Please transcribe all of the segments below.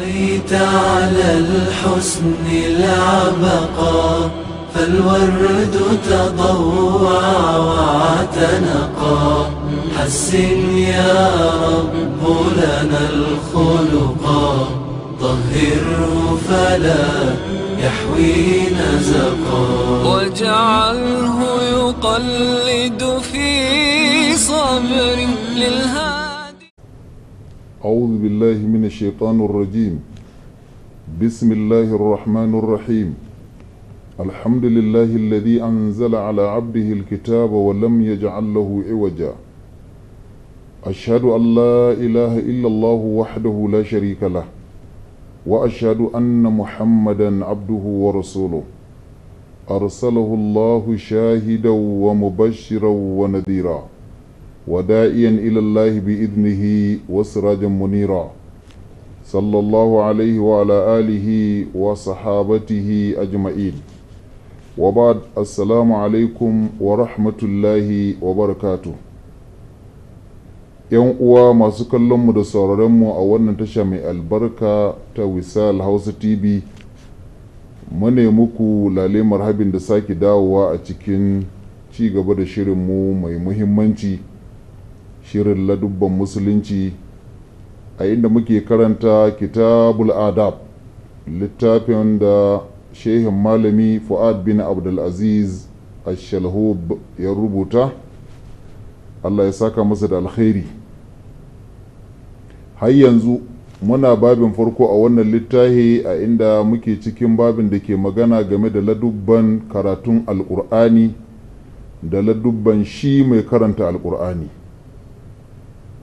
بقيت على الحسن العبقى فالورد تضوع واعتنقا حسن يا رب لنا الخلقا طهره فلا يحوي نزقا واجعله يقلد في صبر للهام أعوذ بالله من الشيطان الرجيم بسم الله الرحمن الرحيم الحمد لله الذي أنزل على عبده الكتاب ولم يجعل له عوجا أشهد أن لا إله إلا الله وحده لا شريك له وأشهد أن محمدا عبده ورسوله أرسله الله شاهدا ومبشرا ونذيرا ودائيا إلى الله بإذنه وسراجا منيرا صلى الله عليه وعلى آله وصحابته أجمعين وبعد السلام عليكم ورحمة الله وبركاته yan uwa masu kallonmu da sauraronmu a wannan tasha mai albarka ta wisal hausa tv mune muku lale marhabin da sake dawowa a cikin ci gaba da shirinmu mai muhimmanci shirin ladubban musulunci a inda muke karanta kitabul adab littafin da shehin malami fu'ad bin abdulaziz ashalhub ya rubuta allah ya saka masa da alkhairi har yanzu muna babin farko a wannan littafi a inda muke cikin babin da ke magana game da ladubban karatun alkur'ani da ladubban shi mai karanta alkur'ani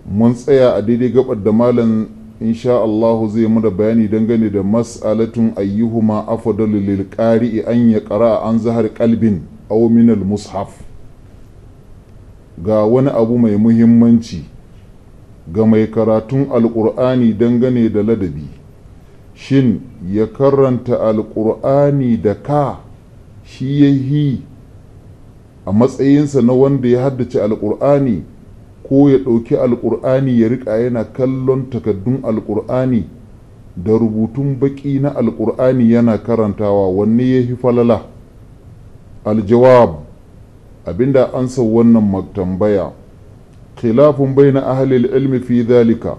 mun tsaya a daidai gabar da malam insha Allahu zai mana bayani dangane da mas'alatun ayyuhuma afdalu lil qari'i an ya qara'a an zahar qalbin aw min al mushaf ga wani abu mai muhimmanci ga mai karatun alqur'ani dangane da ladabi shin ya karanta alqur'ani da ka shi yahi a matsayinsa na wanda ya haddace alqur'ani ko ya ɗauki alƙur'ani ya riƙa yana kallon takaddun alƙur'ani da rubutun baƙi na alƙur'ani yana karantawa wanne ya fi falala aljawab abinda ansa wannan tambaya khilafun bai na ahalil ilmi fi dhalika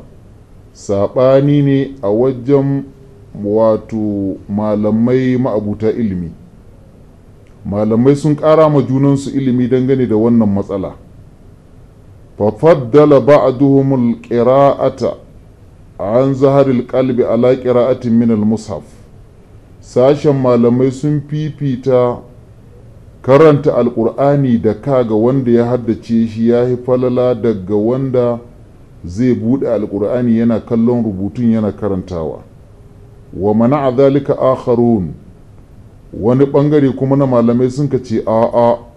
saɓani ne a wajen wato malamai ma'abuta ilimi malamai sun ƙara ma junansu ilimi dangane da wannan matsala. ففضل بعضهم القراءة عن ظهر القلب على قراءة من mushaf sashen malamai sun fifita karanta alkur'ani da ka ga wanda ya haddace shi ya yi falala daga wanda zai buɗe alkur'ani yana kallon rubutun yana karantawa wa mana a zalika wani ɓangare kuma na malamai sun ka ce a'a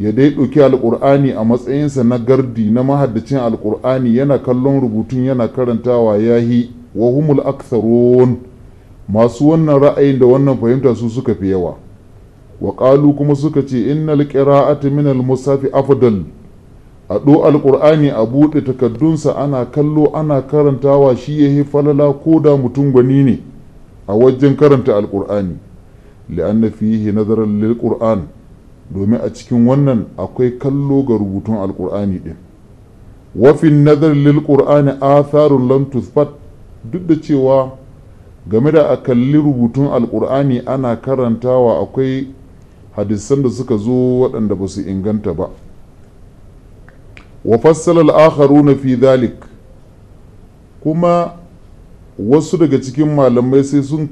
ya dai ɗauki alƙur'ani a matsayinsa na gardi na mahaddacin alƙur'ani yana kallon rubutun yana karantawa yahi wa humul aktharun masu wannan ra'ayin da wannan fahimta su suka fi yawa wa ƙalu kuma suka ce innal qira'atu min al musafi afdal a ɗo alƙur'ani a buɗe takaddunsa ana kallo ana karantawa shi ya yi falala ko da mutum gwani ne a wajen karanta alƙur'ani li'anna fihi nazaran lil qur'an domin a cikin wannan akwai kallo ga rubutun alkur'ani din wafin nazar lil qur'ani atharun lam duk da cewa game da a kalli rubutun alkur'ani ana karantawa akwai hadisan da suka zo waɗanda ba su inganta ba wa fassala al na fi dhalik kuma wasu daga cikin malamai sai sun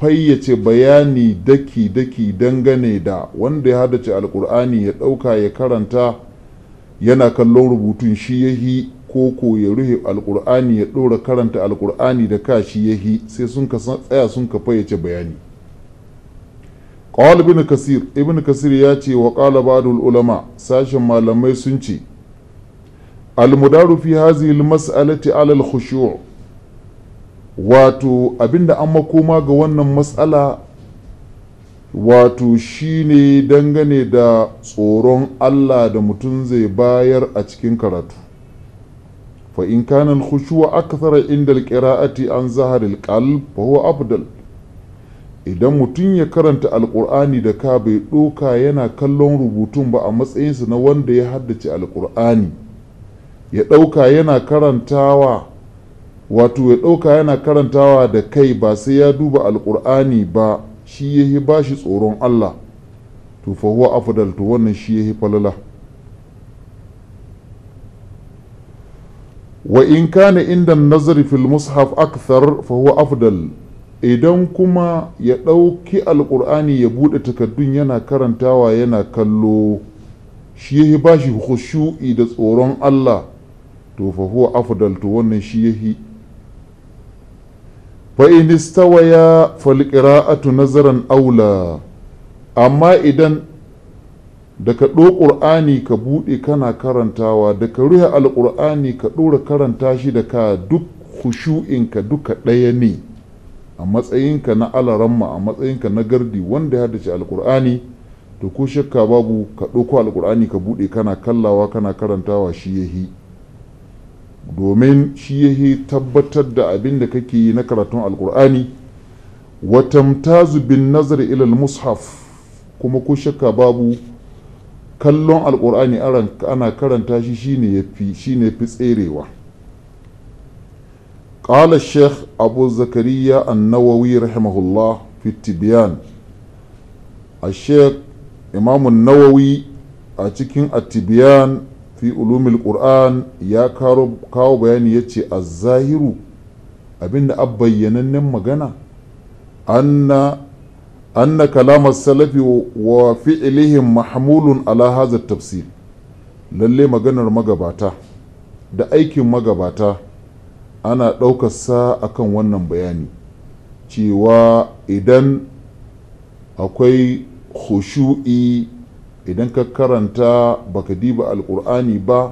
fayyace bayani daki-daki dangane da wanda ya ce alkur'ani ya dauka ya karanta yana kallon rubutun shi yahi koko ya ruhe alkur'ani ya ɗora karanta alkur'ani da ka shi yahi sai sun ka tsaya sun ka fayyace bayani qawal ibn kasir ibn kasir ya ce wa qala ba'dul ulama sashen malamai sun ce al mudaru fi hadhihi al mas'alati al khushu' wato abinda an makoma ga wannan matsala wato shine dangane da tsoron allah da mutum zai bayar a cikin karatu fa in kanan khushuwa khushuu akthara inda an zahar qalb fa huwa afdal idan mutum ya karanta alkur'ani da ka bai ɗoka yana kallon rubutun ba a matsayinsa na wanda ya haddace alkur'ani ya ɗauka yana karantawa wato ya ɗauka yana karantawa da kai ba sai ya duba alƙur'ani ba shi ya yi ba shi tsoron allah to fa afdal to wannan shi ya yi falala wa in kana inda nazari fil mushaf akthar fa afdal idan kuma ya ɗauki alƙur'ani ya buɗe takaddun yana karantawa yana kallo shi ya ba shi khushu'i da tsoron allah to fa afdal to wannan shi ya ya istawaya falƙira'atu nazaran aula amma idan da ka ɗo ƙur'ani ka buɗe kana karantawa da ka ruhe alƙur'ani ka ɗora karanta shi da ka duk hushu'inka duka ɗaya ne a matsayinka na alaramma a matsayinka na gardi wanda ya haddace alƙur'ani to ko shakka babu ka ɗauko alƙur'ani ka buɗe kana kallawa kana karantawa shi yahi domin shi yahi tabbatar da abin da kake yi na karatun alkur'ani wa tamtazu bin nazar ilal mushaf kuma ku shakka babu kallon alkur'ani ana karanta shi shine yafi shine fi tserewa ƙalar abu zakariya annawawi rahimahullah رحمه الله a sheikh imamun nawawi a cikin atibiyan. fi ulumil qur'an ya kawo bayani ya ce zahiru abinda a bayyanannen magana anna anna kalamar salafi wa fi'ilihim mahmulun ala hadha tafsir lalle maganar magabata da aikin magabata ana ɗaukarsa akan wannan bayani cewa idan akwai khushu'i idan ka karanta baka diba alkur'ani ba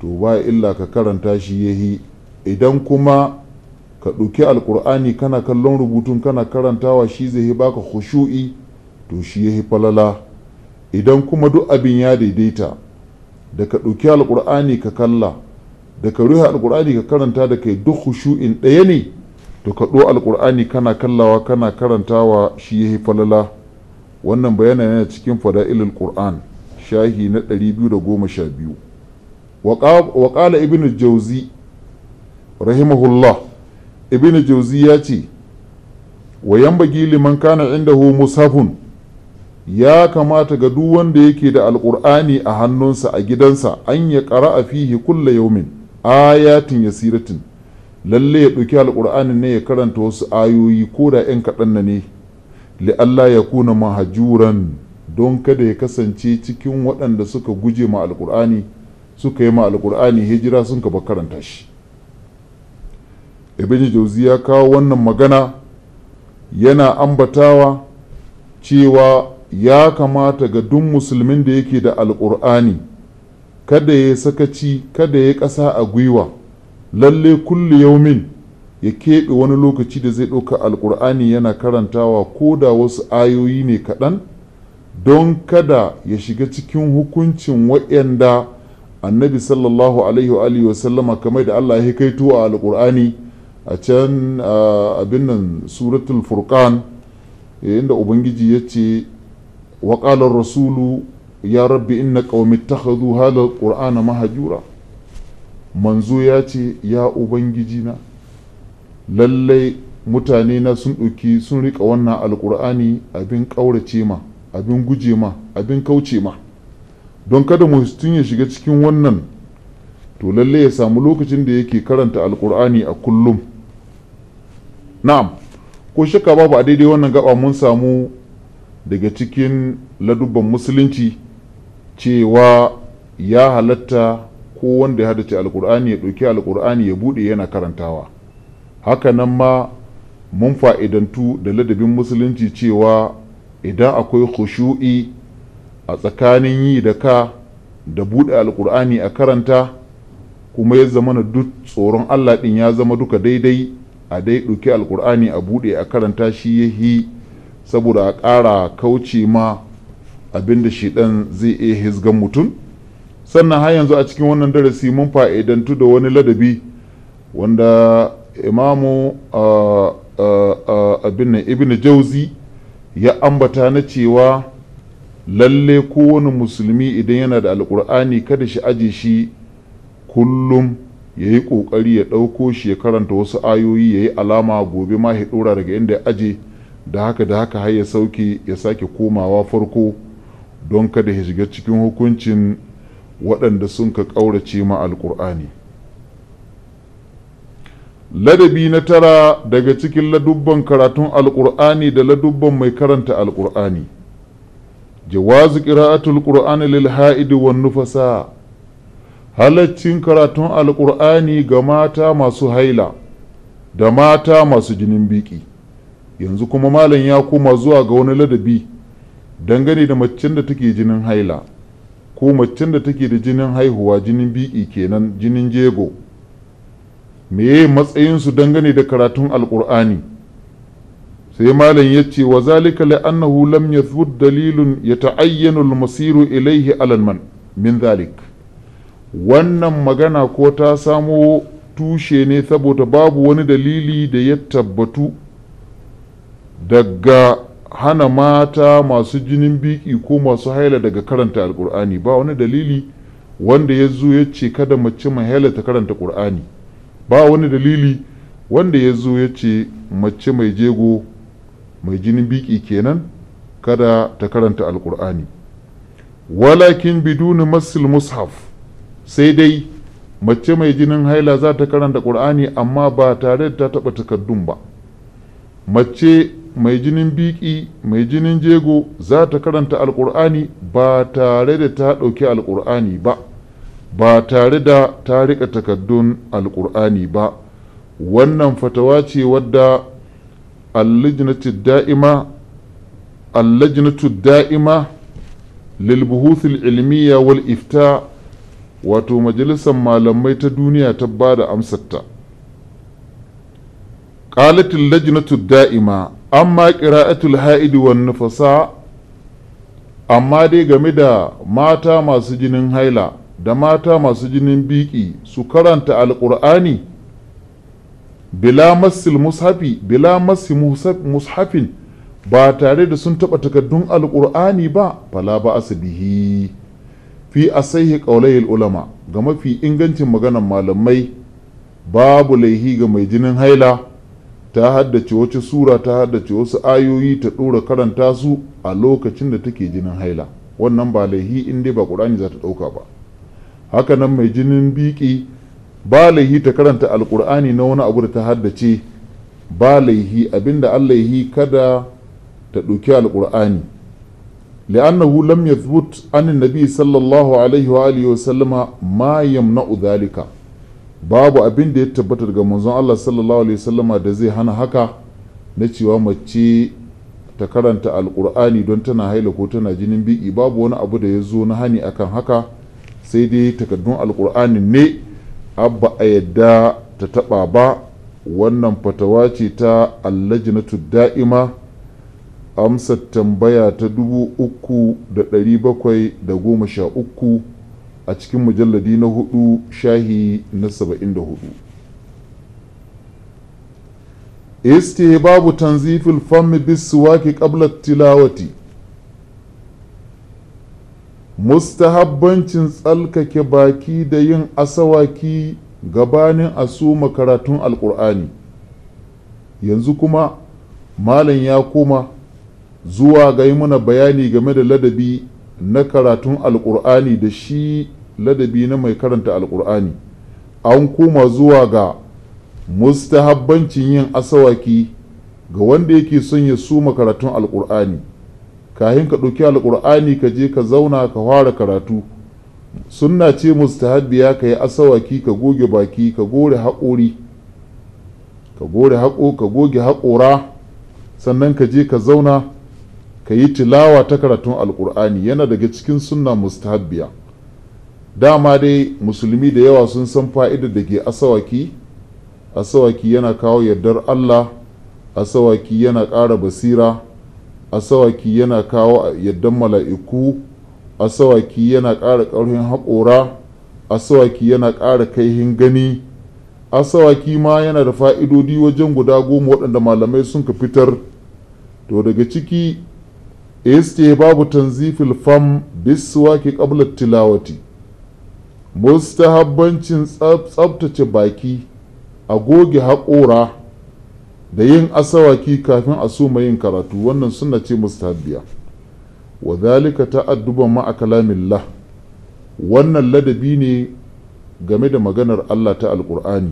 to ba illa ka karanta shi yahi idan kuma ka ɗauki alkur'ani kana kallon rubutun kana karantawa shi zai baka khushu'i to shi yahi falala idan kuma duk abin ya daidaita da ka ɗauki alkur'ani ka kalla da ka ruhe alkur'ani ka karanta da kai duk khushu'in ɗaya ne to ka ɗo alkur'ani kana kallawa kana karantawa shi yahi falala wannan bayanan yana cikin fada'ilul qur'an shahi na 212 wa qala ibnu jauzi rahimahullah ibnu jauzi ya ce wa yambagi liman kana indahu musafun ya kamata ga duk wanda yake da alƙur'ani a hannunsa a gidansa an ya a fihi kulla yaumin ayatin yasiratin lalle ya ɗauki alƙur'anin ne ya karanta wasu ayoyi koda da 'yan kaɗan ne allah ya kuna mahajuran don kada ya kasance cikin waɗanda suka guje ma alƙur'ani suka yi ma alkur'ani hijira sun ka karanta shi ibn jauzi ya kawo wannan magana yana ambatawa cewa ya kamata ga duk musulmin da yake da alƙur'ani kada ya sakaci kada ya ƙasa a gwiwa lalle kulli yaumin ya keɓe wani lokaci da zai ɗauka alƙur'ani yana karantawa ko da wasu ayoyi ne kaɗan don kada ya shiga cikin hukuncin waɗanda annabi sallallahu alaihi wa wasallama kamar da Allah ya kaito a alƙur'ani a can abin nan suratul furqan eh, inda ubangiji ya ce waƙalar rasulu ya rabbi inna qaumi ittakhadhu hadha alqur'ana mahjura manzo ya ce ya ubangiji na lallai mutane na sun ɗauki sun riƙa wannan alƙur'ani abin ƙaurace ma abin guje ma abin kauce ma don kada muhistun ya shiga cikin wannan to lallai ya samu lokacin da yake karanta alƙur'ani a kullum na'am ko shakka babu a daidai wannan gaba mun samu daga cikin ladubban musulunci cewa ya halatta ko wanda ya ce alƙur'ani ya ɗauki alƙur'ani ya buɗe yana karantawa hakanan ma mun fa'idantu da ladabin musulunci cewa idan akwai khushu'i a tsakanin yi da ka da buɗe alkur'ani a karanta kuma ya zama na duk tsoron allah ɗin ya zama duka daidai a dai ɗauki alkur'ani a buɗe a karanta shi ya yi saboda a ƙara kauce ma abin da shi ɗan zai iya hizgan mutum sannan har yanzu a cikin wannan darasi mun fa'idantu da wani ladabi wanda imamu abin ibn jauzi ya ambata na cewa lalle kowane musulmi idan yana da alkur'ani kada shi aje shi kullum ya yi ƙoƙari ya ɗauko shi ya karanta wasu ayoyi ya yi alama gobe ma ya ɗora daga inda ya aje da haka da haka har ya sauke ya sake komawa farko don kada ya shiga cikin hukuncin waɗanda sun ka ƙaurace ma alkur'ani ladabi na tara daga cikin ladubban karatun Alƙur'ani da ladubban mai karanta alkur'ani jawazu ƙira'atul kur'ani lil ha'idi wan nufasa halaccin karatun alkur'ani ga mata masu haila da mata masu jinin biki yanzu kuma malam ya koma zuwa ga wani ladabi dangane da macen da take jinin haila ko macen da take da jinin haihuwa jinin biki kenan jinin jego me meye su dangane da karatun alkur'ani sai malam ya ce wa zalika annahu lam yathbut dalilun yata'ayyanu al-masiru ilayhi alalman min zalik wannan magana ko ta samo tushe ne saboda babu wani dalili da ya tabbatu daga hana mata masu jinin biki ko masu haila daga karanta alkur'ani ba wani dalili wanda ya zo ya ce kada mace mai haila ta karanta qur'ani ba wani dalili wanda ya zo ya ce mace mai jego mai jinin biki kenan kada ta karanta alkur'ani walakin biduni masil mushaf sai dai mace mai jinin haila za ta karanta ƙur'ani amma ba tare da ta taɓa takardun ba mace mai jinin biki mai jinin jego za ta karanta alkur'ani ba tare da ta ɗauki alkur'ani ba ba tare da ta riƙa takaddun alƙur'ani ba wannan fatawa ce wadda allajinatu da'ima allajinatu lilbuhuth ilmiya wal ifta wato majalisar malamai ta duniya ta ba da ƙalatin lajinatu da'ima amma ƙira'atul ha'idu wani fasaha amma dai game da mata masu jinin haila da mata masu jinin biki su karanta alƙur'ani bila masil mushafi bila masil mushafin ba tare da sun taɓa takardun alƙur'ani ba fala ba asibihi fi saihi ƙaulayil ulama ga mafi ingancin maganan malamai babu laihi ga mai jinin haila ta haddace wace sura ta haddace wasu ayoyi ta ɗora karanta su a lokacin da take jinin haila wannan ba laihi in ba ƙur'ani za ta ɗauka ba hakanan mai jinin biki ba laihi ta karanta alkur'ani na wani abu da ta haddace ba laihi abinda allaihi kada ta ɗauki alkur'ani li'annahu lam yathbut anin nabi sallallahu alaihi wa alihi sallama ma yamna'u dhalika babu abin da ya tabbata daga manzon Allah sallallahu alaihi wasallama da zai hana haka na cewa mace ta karanta alkur'ani don tana haila ko tana jinin biki babu wani abu da ya zo na hani akan haka sai dai takaddun alkur'ani ne abba a yadda ta taba ba wannan fatawa ce ta allajinatu da'ima amsa tambaya ta 3,713 a cikin mujalladi na hudu shahi na 74 istihbabu tanzifil fammi bis suwaki ƙablar tilawati mustahabbancin tsalkake baki da yin asawaki gabanin a suma karatun alkur'ani yanzu kuma malam ya koma zuwa ga yi mana bayani game da ladabi na karatun alkur'ani da shi ladabi na mai karanta alkur'ani an koma zuwa ga mustahabbancin yin asawaki ga wanda yake son ya suma karatun alkur'ani kahin ka ɗauki alƙur'ani ka je ka zauna ka fara karatu sunna ce mustahabbiya ka yi asawaki ka goge baki ka gore haƙori ka gore haƙo ka goge haƙora sannan ka je ka zauna ka yi tilawa ta karatun alƙur'ani yana daga cikin sunna mustahabbiya dama dai musulmi da yawa sun san fa'ida da ke asawaki asawaki yana kawo yardar allah asawaki yana ƙara basira asawaki yana kawo yaddan mala'iku asawaki yana ƙara ƙarfin haƙora asawaki yana ƙara kaihin gani asawaki ma yana da fa'idodi wajen guda goma waɗanda malamai sun ka fitar to daga ciki este babu tanzifil fam biswaki qabla tilawati mustahabbancin tsabtace baki a goge haƙora da yin asawaki kafin a soma yin karatu wannan suna ce mustahabbiya wa zalika a ma'a kalamillah wannan ladabi ne game da maganar Allah ta alkur'ani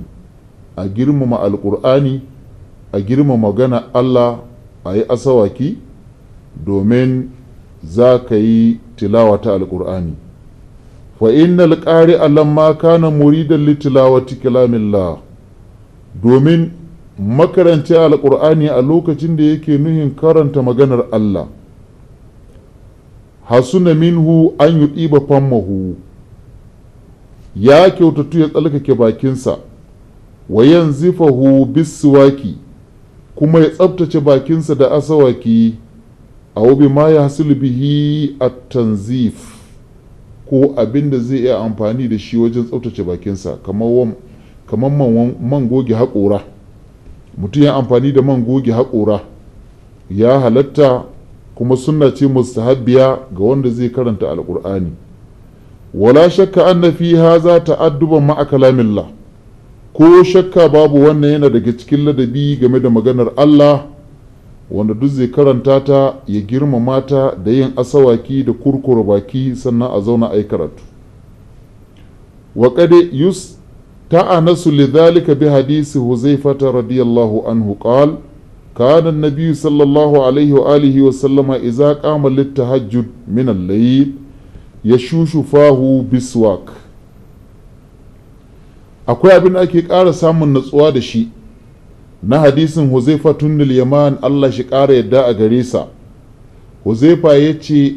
a girmama alkur'ani a girmama magana Allah a yi asawaki domin za ka yi tilawa ta alƙur'ani fa inna alƙari lamma kana muridan li tilawati kalamillah domin makaranci alƙur'ani a lokacin da yake nuhin karanta maganar Allah hasuna minhu an yi ɗiba fammahu ya kyautatu ya tsalkake bakinsa wa 'yan bisu bisuwaki kuma ya tsabtace bakinsa da asawaki a wabi ma ya hasil bihi a tanzif ko abin da zai iya amfani da shi wajen tsabtace bakinsa kamar man goge haƙora mutum ya amfani da man goge haƙora ya halatta kuma suna ce mustahabbiya ga wanda zai karanta alƙur'ani wala shakka na fi haza ta'adduban ma'a kalamillah ko shakka babu wannan yana daga cikin ladabi game da maganar Allah wanda duk zai karanta ta ya girmama ta da yin asawaki da kurkura baki sannan a zauna a yi karatu wa yus تأنس لذلك بحديث هزيفة رضي الله عنه قال كان النبي صلى الله عليه وآله وسلم إذا قام للتهجد من الليل يشوش فاه بسواك akwai abin da ake ƙara samun natsuwa da shi na hadisin huzaifa tunnil yaman allah shi ƙara yadda a gare sa huzaifa ya ce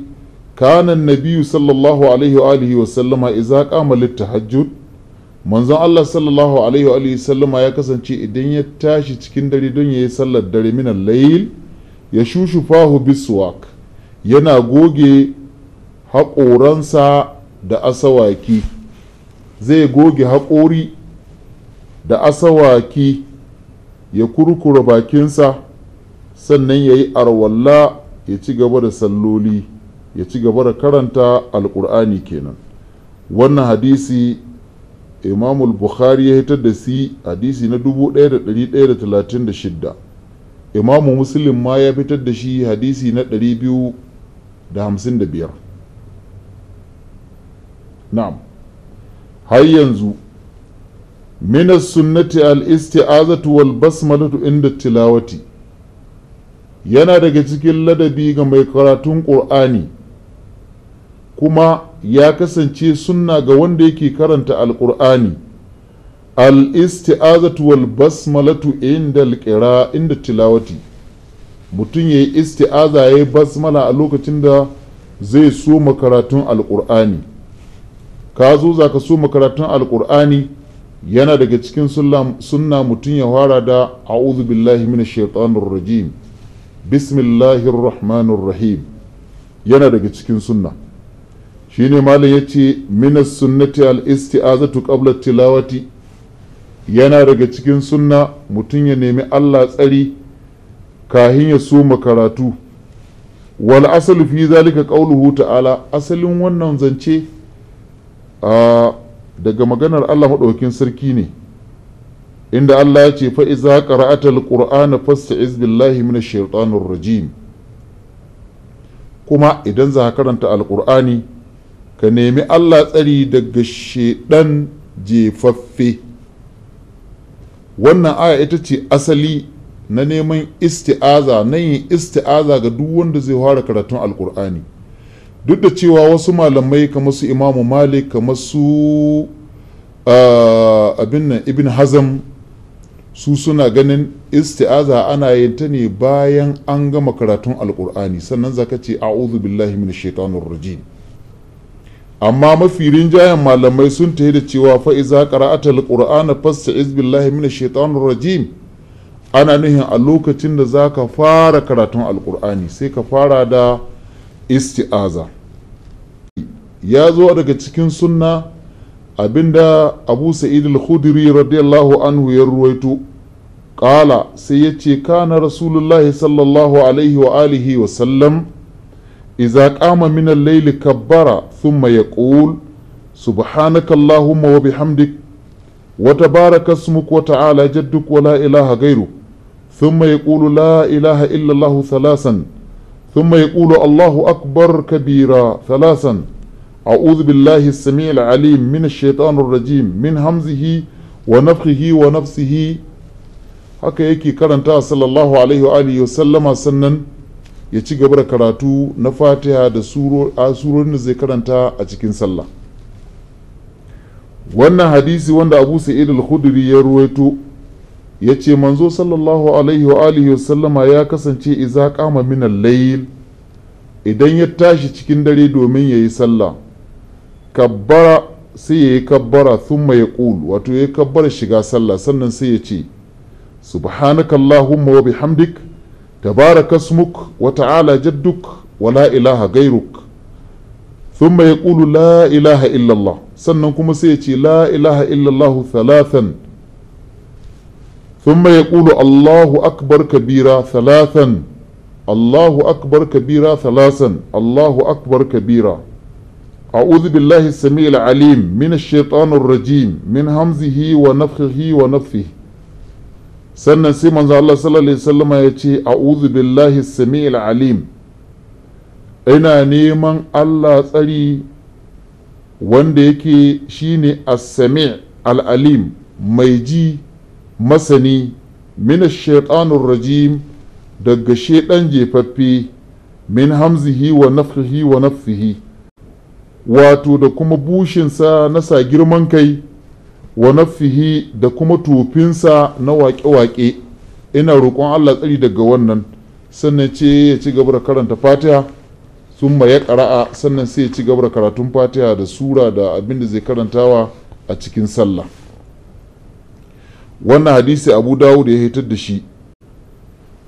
kanan nabiyu sallallahu alaihi wa wa sallama manzon Allah sallallahu alaihi wa sallama ya kasance idan ya tashi cikin dare don ya yi sallar dare minan layil ya shushufahu biswak yana goge haƙoransa da asawaki zai goge haƙori da asawaki ya kurkura bakinsa sannan ya yi arwalla ya ci gaba da salloli ya ci gaba da karanta alƙur'ani kenan wannan hadisi imamul bukhari ya hitar da si hadisi na 1136 imamu muslim ma ya fitar da shi hadisi na 255 na'am har yanzu minas sunnati al-isti'azatu wal basmalatu inda tilawati yana daga cikin ladabi ga mai karatun ƙur'ani kuma ya kasance sunna ga wanda yake karanta alkur'ani al wal basmalatu inda alƙira inda tilawati mutum ya yi isti'aza ya yi basmala a lokacin da zai so makaratun alkur'ani ka zo za ka so makaratun alkur'ani yana daga cikin sunna mutum ya fara da a'udhu billahi minash shaitanir rajim bismillahir yana daga cikin sunna shi shine malam ce minas sunnati al isti'azatu qabla tilawati yana daga cikin sunna mutum ya nemi Allah tsari kahin ya soma karatu wal asalu fi zalika qauluhu ta'ala asalin wannan zance a daga maganar Allah maɗaukin sarki ne inda Allah ya ce fa iza qara'ata al-qur'ana fasta'iz billahi minash shaitanir rajim kuma idan za ka karanta alqur'ani ka nemi Allah tsari daga shaidan jefaffe wannan aya ita ce asali na neman isti'aza na yin isti'aza ga duk wanda zai fara karatun alkur'ani duk da cewa wasu malamai kamar su imamu malik kamar su abin ibn hazam su suna ganin isti'aza ana yin ta ne bayan an gama karatun alkur'ani sannan zaka ce a'udhu billahi min shaitanir rajim amma mafi rinjayen malamai sun tahi da cewa fa'iza qara'atal qur'ana fasta'iz billahi minash shaitanir rajim ana nuhin a lokacin da za ka fara karatun alƙur'ani sai ka fara da isti'aza ya zo daga cikin sunna abinda abu sa'id al-khudri radiyallahu anhu ya ruwaito ƙala sai ya ce kana rasulullahi sallallahu alaihi wa alihi wa sallam iza qama min al-layli kabbara thumma yaqul subhanaka allahumma wa bihamdik wa tabaraka ismuk wa ta'ala jadduk wa la ilaha ghayru thumma yaqulu la ilaha illa allah thalasan thumma yaqulu allahu akbar kabira thalasan a'udhu billahi as-sami' al-alim min ash rajim min hamzihi wa nafthihi wa nafsihi haka yake karanta sallallahu alaihi wa alihi wa sallama sannan ya ci gaba da karatu na fatiha da surorin da zai karanta a cikin sallah wannan hadisi wanda abu sa'id al-khudri ya ruwaito ya ce manzo sallallahu alaihi wa alihi sallama ya kasance iza kama min layil idan ya tashi cikin dare domin ya yi sallah kabbara sai ya yi kabbara thumma ya wato ya yi kabbara shiga sallah sannan sai ya ce subhanakallahumma wa bihamdik تبارك اسمك وتعالى جدك ولا إله غيرك ثم يقول لا إله إلا الله سننكم سيتي لا إله إلا الله ثلاثا ثم يقول الله أكبر كبيرا ثلاثا الله أكبر كبيرا ثلاثا الله أكبر كبيرا أعوذ بالله السميع العليم من الشيطان الرجيم من همزه ونفخه ونفثه sannan sai manzo Allah sallallahu alaihi wasallama ya ce a'udhu billahi samiil alim ina neman Allah tsari wanda yake shine as-sami' al-alim mai ji masani min ash-shaytanir rajim daga shedan jefaffe min hamzihi wa nafhihi wa nafhihi wato da kuma bushinsa na sa girman kai wa nafihi da kuma tufinsa na waƙe-waƙe ina roƙon Allah tsari daga wannan sannan ce ya ci gaba da karanta fatiha sun ya ƙara'a sannan sai ya ci gaba da karatun fatiha da sura da abin da zai karantawa a cikin sallah wannan hadisi abu dawud ya hitar da shi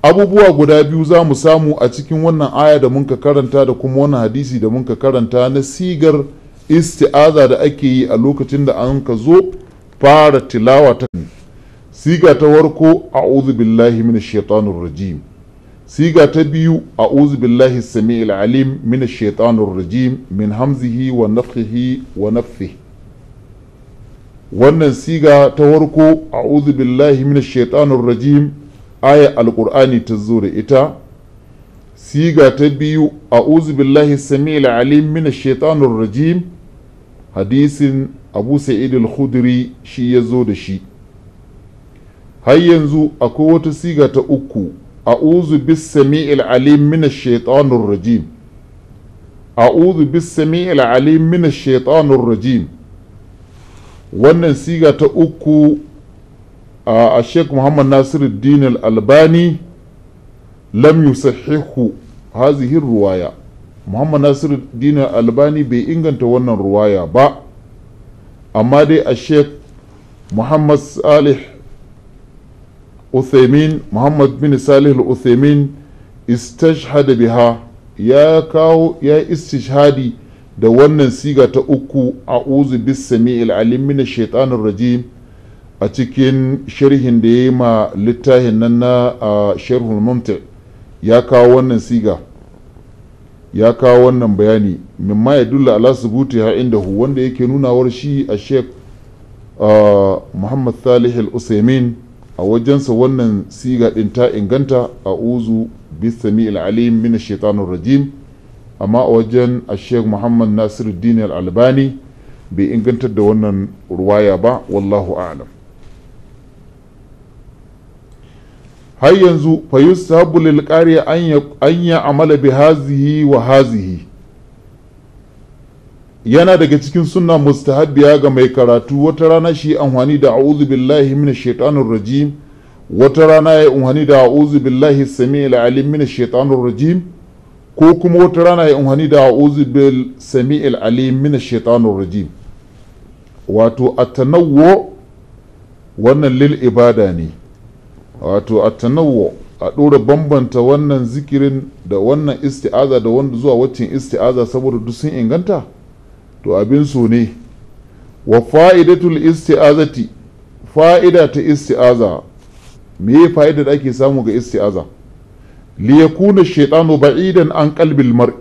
abubuwa guda biyu za mu samu a cikin wannan aya da muka karanta da kuma wannan hadisi da muka karanta na sigar isti'aza da ake yi a lokacin da an ka zo fara tilawa ta siga ta warko a'udhu billahi minash shaitanir rajim siga ta biyu a'udhu billahi samiil alim minash shaitanir rajim min hamzihi wa nafthihi wa nafthihi wannan siga ta warko a'udhu billahi minash shaitanir rajim aya alqur'ani ta zo da ita siga ta biyu a'udhu billahi samiil alim minash shaitanir rajim hadisin abu sa'id al-khudri shi ya zo da shi har yanzu akwai wata siga ta uku a'udhu bis sami'il alim min ash-shaytanir rajim a'udhu bis sami'il alim min ash rajim wannan siga ta uku a Sheikh Muhammad Nasiruddin al-Albani lam yusahhihu hazihi ruwaya Muhammad Nasiruddin dinar albani bai inganta wannan ruwaya ba amma dai a sheik muhammad salih uthaymin muhammad bin salih uthaymin istashhada biha ya kawo ya istishhadi da wannan siga ta uku a uzu bis sami'il alim min shaitanir rajim a cikin sharhin da ya yi ma littafin nan na sharhul mumti ya kawo wannan siga ya kawo wannan bayani mimma ya dulla ala subuti ha inda hu wanda yake nunawar shi a sheikh muhammad salih al-usaimin a wajensa wannan siga din ta inganta a uzu bisami al-alim min shaitanur rajim amma a wajen a sheikh muhammad nasiruddin al-albani bai ingantar da wannan ruwaya ba wallahu a'lam har yanzu fa yusabu lil an yi amala bi hazihi wa hazihi yana daga cikin sunna mustahabbiya ga mai karatu wata rana shi amfani da a'udhu billahi minash shaitanir rajim wata rana ya amfani da a'udhu billahi samiil alim minash shaitanir rajim ko kuma wata rana ya amfani da a'udhu bil samiil alim minash shaitanir rajim wato at-tanawwu wannan lil ibada ne wato tanawo a ɗora bambanta wannan zikirin da wannan isti'aza da wanda zuwa waccan isti'aza saboda duk sun inganta to abin so ne wa fa'idatul isti'azati fa'ida ta isti'aza me fa'ida da ake samu ga isti'aza li yakuna shaytanu ba'idan an qalbil mar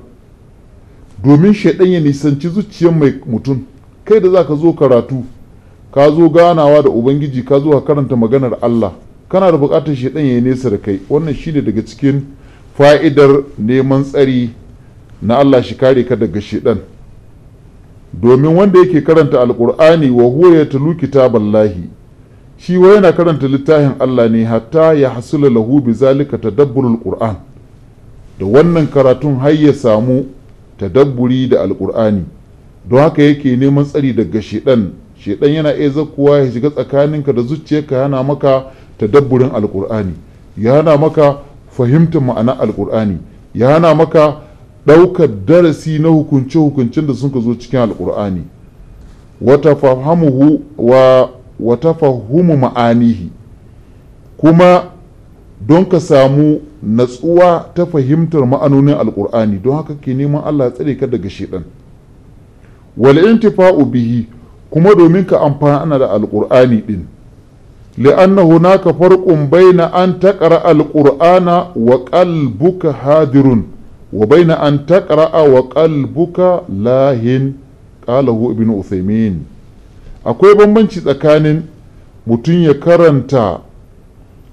domin shaidan ya nisanci zuciyar mai mutum kai da za ka zo karatu ka zo ganawa da ubangiji ka zo ka karanta maganar Allah kana da buƙatar shaidan ya nesa da kai wannan shine daga cikin fa'idar neman tsari na Allah shi kare ka daga shaidan domin wanda yake karanta alkur'ani wa huwa ya tulu kitaballahi shi wa yana karanta littafin Allah ne hatta ya hasula lahu bi zalika tadabburul qur'an da wannan karatun har ya samu tadabburi da alkur'ani don haka yake neman tsari daga shi shedan yana iya zakkuwa ya shiga tsakaninka da zuciyarka hana maka tadabburin alkur'ani ya hana maka fahimtar ma'anar alkur'ani ya hana maka ɗaukar darasi na hukunce-hukuncen da suka zo cikin alkur'ani wata fahimu ma'anihi kuma don ka samu natsuwa ta fahimtar ma'anonin alkur'ani don haka ke neman allah tsare ka daga shiɗan wal intifa'u bihi kuma domin ka amfana da alkur'ani din. لأن هناك فرق بين أن تقرأ القرآن وقلبك هادر وبين أن تقرأ وقلبك لاهن قاله ابن عثيمين akwai bambanci tsakanin mutum ya karanta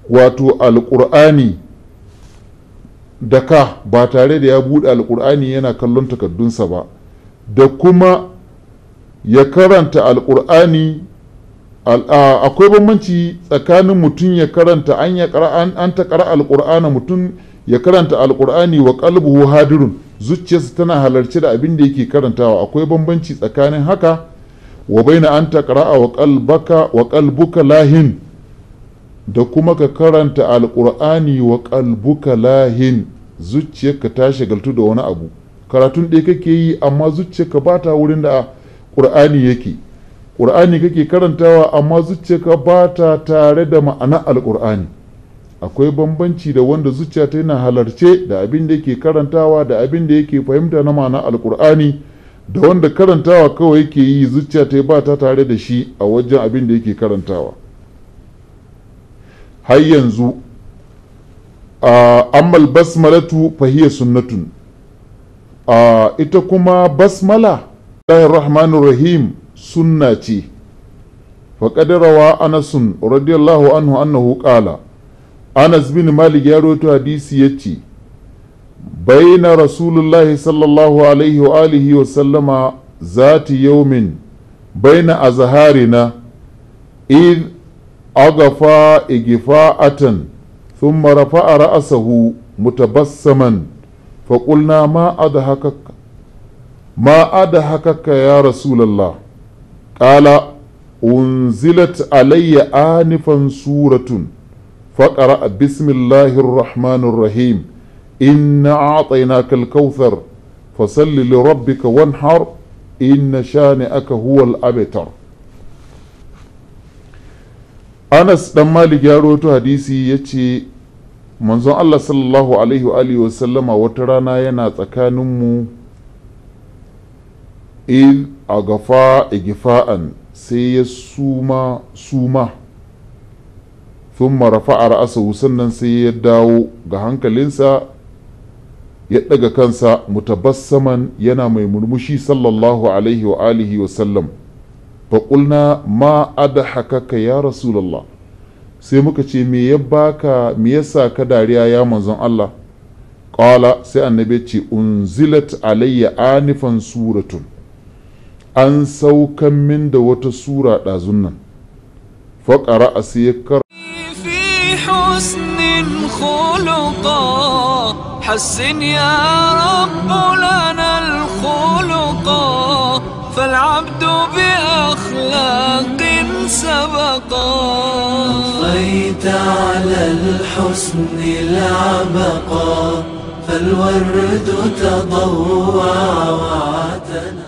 wato alƙur'ani da ka ba tare da ya buɗe alƙur'ani yana kallon takardunsa ba da kuma ya karanta alƙur'ani akwai bambanci tsakanin mutum ya karanta an ya an ta kara alqur'ana mutum ya karanta alqur'ani wa qalbuhu hadirun zuciyarsa tana halarci da abin da yake karantawa akwai bambanci tsakanin haka wa baina an ta kara wa qalbaka wa qalbuka lahin da kuma ka karanta alqur'ani wa qalbuka lahin zuciyarka ta shagaltu da wani abu karatun ɗaya kake yi amma zuciyarka ba ta wurin da ƙur'ani yake ƙur'ani kake karantawa amma zuciyarka ba ta tare da ma'ana alƙur'ani akwai bambanci da wanda zuciya ta yana halarce da abin da yake karantawa da abin da yake fahimta na ma'ana alƙur'ani da wanda karantawa kawai yake yi zuciya ta ba ta tare da shi a wajen abin da yake karantawa har yanzu a ammal basmalatu fahiyya sunnatun ita kuma basmala rahmanur rahim sunna ce faƙadarawa anasun radiyallahu anhu annahu ƙala anas bin malik ya roto hadisi ya ce baina rasulullahi sallallahu alaihi wa alihi wa sallama zati yaumin baina azharina id agafa igifa'atan ثم رفع رأسه mutabassaman فقلنا ما ma'ada ما أدهكك يا ya الله قال أنزلت علي آنفا سورة فقرأ بسم الله الرحمن الرحيم إنا أعطيناك الكوثر فصل لربك وانحر إن شانئك هو الأبتر anas dan malik ya rawaito hadisi ya ce manzon allah sallallahu alaihi wa sallama wata rana yana tsakaninmu a gafa igifa'an sai ya suma suma sun marafa a ra'asahu sannan sai ya dawo ga hankalinsa ya ɗaga kansa mutabassaman yana mai murmushi sallallahu alaihi wa alihi wa sallam faƙulna ma adahakaka ya rasulallah sai muka ce me ya baka me yasa ka dariya ya manzon Allah ƙala sai annabi ce unzilat alayya anifan suratun an saukan min da wata sura ɗazun nan faƙara a sai حسن يا رب لنا الخلق فالعبد بأخلاق سبقا أضيت على الحسن العبقا فالورد تضوع وعتنا